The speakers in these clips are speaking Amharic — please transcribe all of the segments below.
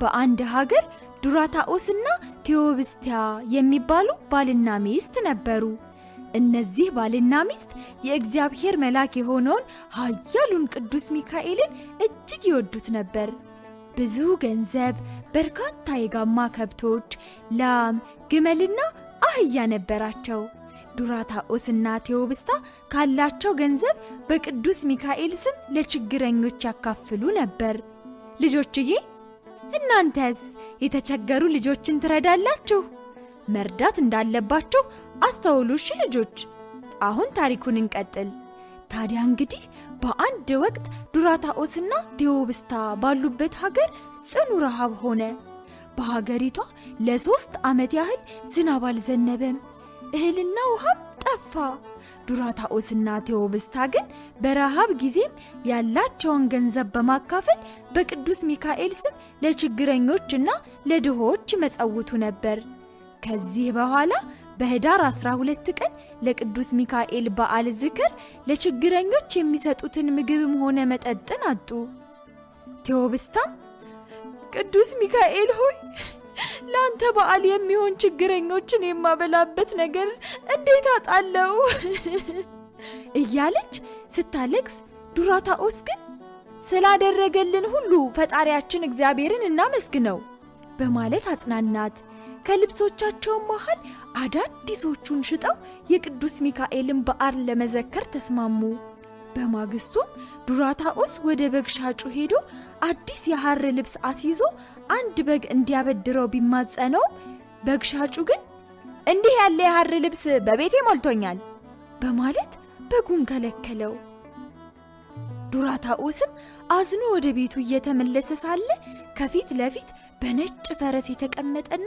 በአንድ ሀገር ዱራታኦስና ቴዎብስቲያ የሚባሉ ባልና ሚስት ነበሩ። እነዚህ ባልና ሚስት የእግዚአብሔር መልአክ የሆነውን ኃያሉን ቅዱስ ሚካኤልን እጅግ ይወዱት ነበር። ብዙ ገንዘብ፣ በርካታ የጋማ ከብቶች፣ ላም፣ ግመልና አህያ ነበራቸው። ዱራታኦስና ቴዎብስታ ካላቸው ገንዘብ በቅዱስ ሚካኤል ስም ለችግረኞች ያካፍሉ ነበር። ልጆችዬ እናንተስ የተቸገሩ ልጆችን ትረዳላችሁ? መርዳት እንዳለባችሁ አስተውሉ። እሺ ልጆች፣ አሁን ታሪኩን እንቀጥል። ታዲያ እንግዲህ በአንድ ወቅት ዱራታኦስና ቴዎብስታ ባሉበት ሀገር ጽኑ ረሃብ ሆነ። በሀገሪቷ ለሶስት ዓመት ያህል ዝናብ አልዘነበም፣ እህልና ውሃም ጠፋ። ዱራታኦስና ቴዎብስታ ግን በረሃብ ጊዜም ያላቸውን ገንዘብ በማካፈል በቅዱስ ሚካኤል ስም ለችግረኞችና ለድሆች ይመጸውቱ ነበር። ከዚህ በኋላ በህዳር 12 ቀን ለቅዱስ ሚካኤል በዓል ዝክር ለችግረኞች የሚሰጡትን ምግብም ሆነ መጠጥን አጡ። ቴዎብስታም ቅዱስ ሚካኤል ሆይ ለአንተ በዓል የሚሆን ችግረኞችን የማበላበት ነገር እንዴት አጣለው እያለች ስታለቅስ፣ ዱራታኦስ ግን ስላደረገልን ሁሉ ፈጣሪያችን እግዚአብሔርን እናመስግነው በማለት አጽናናት። ከልብሶቻቸውም መሃል አዳዲሶቹን ሽጠው የቅዱስ ሚካኤልን በዓል ለመዘከር ተስማሙ። በማግስቱም ዱራታኦስ ወደ በግ ሻጩ ሄዶ አዲስ የሐር ልብስ አስይዞ አንድ በግ እንዲያበድረው ቢማጸነውም በግ ሻጩ ግን እንዲህ ያለ የሐር ልብስ በቤቴ ሞልቶኛል በማለት በጉን ከለከለው። ዱራታኦስም አዝኖ ወደ ቤቱ እየተመለሰ ሳለ ከፊት ለፊት በነጭ ፈረስ የተቀመጠና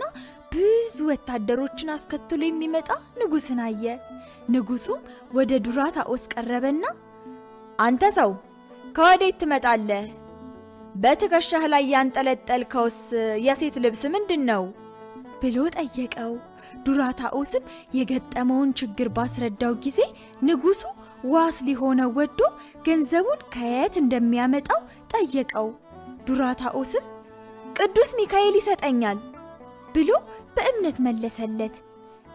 ብዙ ወታደሮችን አስከትሎ የሚመጣ ንጉሥን አየ። ንጉሱም ወደ ዱራታኦስ ቀረበና አንተ ሰው ከወዴት ትመጣለህ? በትከሻህ ላይ ያንጠለጠልከውስ የሴት ልብስ ምንድን ነው ብሎ ጠየቀው። ዱራታኦስም የገጠመውን ችግር ባስረዳው ጊዜ ንጉሱ ዋስ ሊሆነው ወዶ ገንዘቡን ከየት እንደሚያመጣው ጠየቀው። ዱራታኦስም ቅዱስ ሚካኤል ይሰጠኛል ብሎ በእምነት መለሰለት።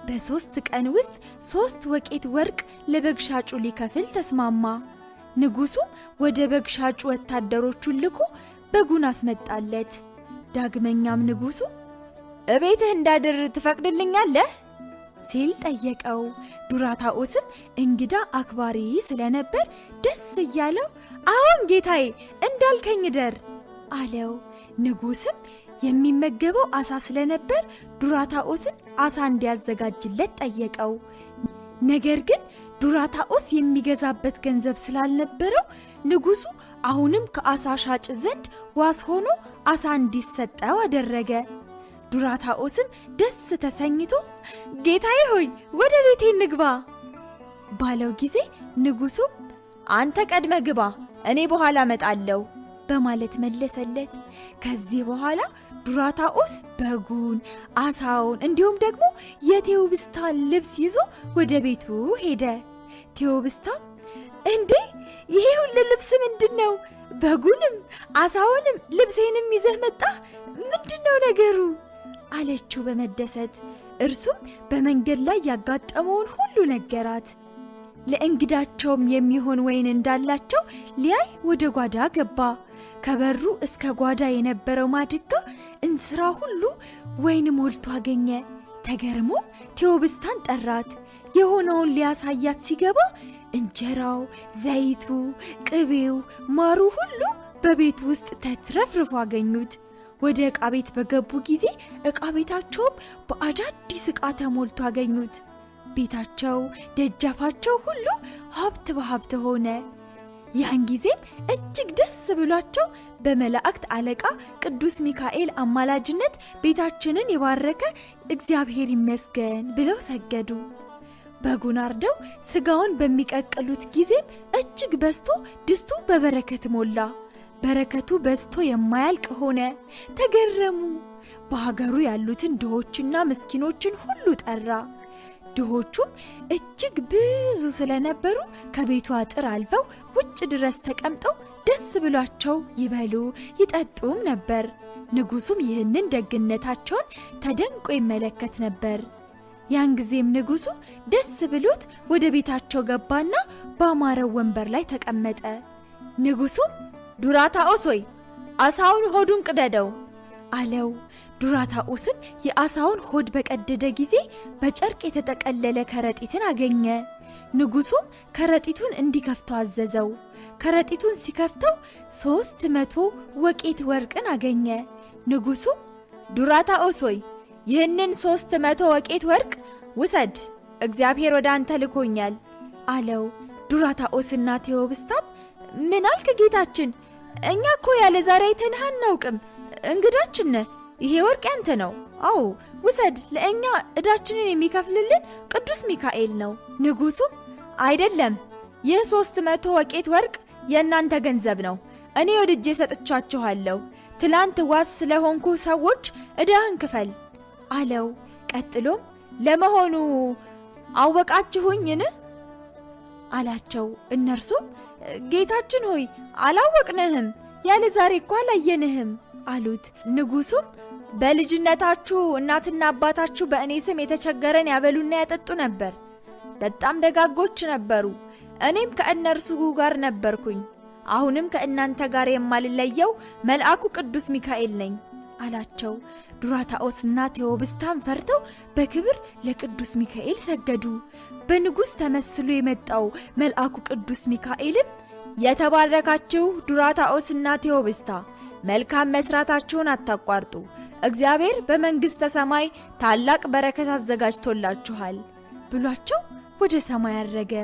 በሦስት ቀን ውስጥ ሦስት ወቄት ወርቅ ለበግ ሻጩ ሊከፍል ተስማማ። ንጉሱ ወደ በግ ሻጩ ወታደሮቹን ልኮ በጉን አስመጣለት። ዳግመኛም ንጉሱ እቤትህ እንዳድር ትፈቅድልኛለህ ሲል ጠየቀው። ዱራታኦስም እንግዳ አክባሪ ስለነበር ደስ እያለው አሁን ጌታዬ እንዳልከኝ ደር አለው። ንጉስም የሚመገበው አሳ ስለነበር ዱራታኦስን አሳ እንዲያዘጋጅለት ጠየቀው። ነገር ግን ዱራታኦስ የሚገዛበት ገንዘብ ስላልነበረው ንጉሡ አሁንም ከአሳ ሻጭ ዘንድ ዋስ ሆኖ አሳ እንዲሰጠው አደረገ። ዱራታኦስም ደስ ተሰኝቶ ጌታዬ ሆይ ወደ ቤቴ ንግባ ባለው ጊዜ ንጉሡም አንተ ቀድመ ግባ፣ እኔ በኋላ መጣለሁ በማለት መለሰለት። ከዚህ በኋላ ዱራታኦስ በጉን፣ አሳውን እንዲሁም ደግሞ የቴዎብስታን ልብስ ይዞ ወደ ቤቱ ሄደ። ቴዎብስታ እንዴ ይሄ ሁሉ ልብስ ምንድን ነው? በጉንም አሳውንም ልብሴንም ይዘህ መጣህ? ምንድን ነው ነገሩ? አለችው በመደሰት እርሱም በመንገድ ላይ ያጋጠመውን ሁሉ ነገራት። ለእንግዳቸውም የሚሆን ወይን እንዳላቸው ሊያይ ወደ ጓዳ ገባ። ከበሩ እስከ ጓዳ የነበረው ማድጋ እንስራ ሁሉ ወይን ሞልቶ አገኘ። ተገርሞ ቴዎብስታን ጠራት። የሆነውን ሊያሳያት ሲገባ እንጀራው፣ ዘይቱ፣ ቅቤው፣ ማሩ ሁሉ በቤት ውስጥ ተትረፍርፎ አገኙት። ወደ ዕቃ ቤት በገቡ ጊዜ ዕቃ ቤታቸውም በአዳዲስ ዕቃ ተሞልቶ አገኙት። ቤታቸው፣ ደጃፋቸው ሁሉ ሀብት በሀብት ሆነ። ያን ጊዜም እጅግ ደስ ብሏቸው በመላእክት አለቃ ቅዱስ ሚካኤል አማላጅነት ቤታችንን የባረከ እግዚአብሔር ይመስገን ብለው ሰገዱ። በጉን አርደው ስጋውን በሚቀቅሉት ጊዜም እጅግ በዝቶ ድስቱ በበረከት ሞላ። በረከቱ በዝቶ የማያልቅ ሆነ። ተገረሙ። በሀገሩ ያሉትን ድሆችና ምስኪኖችን ሁሉ ጠራ። ድሆቹም እጅግ ብዙ ስለነበሩ ከቤቱ አጥር አልፈው ውጭ ድረስ ተቀምጠው ደስ ብሏቸው ይበሉ ይጠጡም ነበር። ንጉሱም ይህንን ደግነታቸውን ተደንቆ ይመለከት ነበር። ያን ጊዜም ንጉሱ ደስ ብሎት ወደ ቤታቸው ገባና በአማረው ወንበር ላይ ተቀመጠ። ንጉሱም ዱራታኦስ ሆይ አሳውን ሆዱን ቅደደው አለው። ዱራታኦስም የአሳውን ሆድ በቀደደ ጊዜ በጨርቅ የተጠቀለለ ከረጢትን አገኘ። ንጉሡም ከረጢቱን እንዲከፍተው አዘዘው። ከረጢቱን ሲከፍተው ሦስት መቶ ወቄት ወርቅን አገኘ። ንጉሡም ዱራታኦስ ሆይ ይህንን ሦስት መቶ ወቄት ወርቅ ውሰድ፣ እግዚአብሔር ወደ አንተ ልኮኛል አለው። ዱራታኦስና ቴዎብስታም ምን አልክ ጌታችን? እኛ እኮ ያለ ዛሬ አይተንህ አናውቅም፣ እንግዳችን ነህ ይሄ ወርቅ ያንተ ነው፣ አዎ ውሰድ፣ ለእኛ እዳችንን የሚከፍልልን ቅዱስ ሚካኤል ነው። ንጉሱ አይደለም፣ ይህ ሦስት መቶ ወቄት ወርቅ የእናንተ ገንዘብ ነው፣ እኔ ወድጄ ሰጥቻችኋለሁ። ትላንት ዋስ ስለሆንኩ ሰዎች እዳህን ክፈል አለው። ቀጥሎም ለመሆኑ አወቃችሁኝን አላቸው። እነርሱም ጌታችን ሆይ አላወቅንህም፣ ያለ ዛሬ እኳ አላየንህም አሉት። ንጉሱም በልጅነታችሁ እናትና አባታችሁ በእኔ ስም የተቸገረን ያበሉና ያጠጡ ነበር። በጣም ደጋጎች ነበሩ። እኔም ከእነርሱ ጋር ነበርኩኝ። አሁንም ከእናንተ ጋር የማልለየው መልአኩ ቅዱስ ሚካኤል ነኝ አላቸው። ዱራታኦስና ቴዎብስታን ፈርተው በክብር ለቅዱስ ሚካኤል ሰገዱ። በንጉሥ ተመስሎ የመጣው መልአኩ ቅዱስ ሚካኤልም የተባረካችሁ ዱራታኦስና ቴዎብስታ መልካም መስራታችሁን አታቋርጡ። እግዚአብሔር በመንግሥተ ሰማይ ታላቅ በረከት አዘጋጅቶላችኋል ብሏቸው ወደ ሰማይ አረገ።